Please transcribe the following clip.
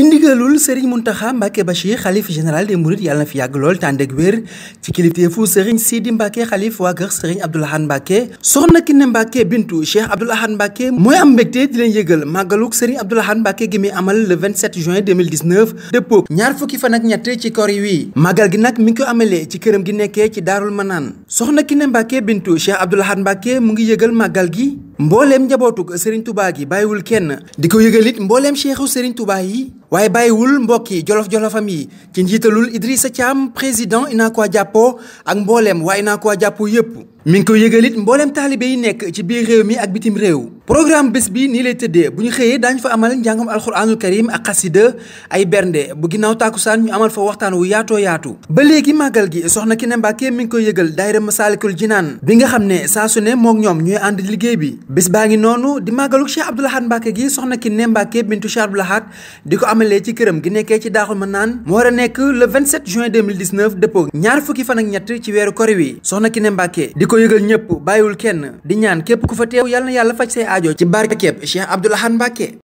ci ndigalul Serigne Mountakha Mbacké Bachir xalif général des Mourides yàlla na fi yàgg lool te ànd ak wér ci kilifteefu Serigne Sidi Mbacké xalif waa kër Serigne Abdoul Ahad Mbacké soxna Kiné Mbacké bintu Cheikh Abdoul Ahad mooy am mbégte di leen yëgal màggaluk Serigne Abdoul Ahad Mbacké gi muy amal le 27 juin 2019 dëppoo ñaar fukki fan ak ñett ci kor yi wii màggal gi nag mi ngi ko amalee ci këram gi nekkee ci Daarul Manaan soxna Kiné Mbacké bintu Cheikh Abdoul Ahad mu ngi yëgal màggal gi mbooleem njabootug Serigne Touba yi bàyyiwul kenn di ko yëgalit it mbooleem cheikhu Serigne Touba yi waaye bàyyiwul mbokki jolof-jolofam yi ci njiitalul Idrissa Thiam président naa Inakwa jàppoo ak mboolem mbooleem waa Inakwa jàppoo yëpp mi ngi ko yëgalit it mbooleem taalibe yi nekk ci biir réew mi ak bitim réew programme bés bi nii lay tëddee bu ñu xëyee daañu fa amal njàngam alxuraanul karim ak xasida ay bernde bu ginnaaw tàkkusaan ñu amal fa waxtaan wu yaatoo yaatu ba léegi màggal gi soxna Kine Mbàkke mi ngi koy yëgal daayira Masaalikul Jinaan bi nga xam ne saa su ne mook ñoom ñooy ànd liggéey bi bés baa ngi noonu di màggaluk Cheikh Abdoul Ahad gi soxna Kine Mbàkke bintu Cheikh Abdoul di ko amalee ci këram gi nekkee ci daaxul ma naan mu a nekk le 27 juin 2019 dëppoo ñaar fukki fan ak ñett ci weeru kori wi soxna Kine Mbàkke di ko na aajo ci barkeeb Cheikh Abdoul Ahad Mbacké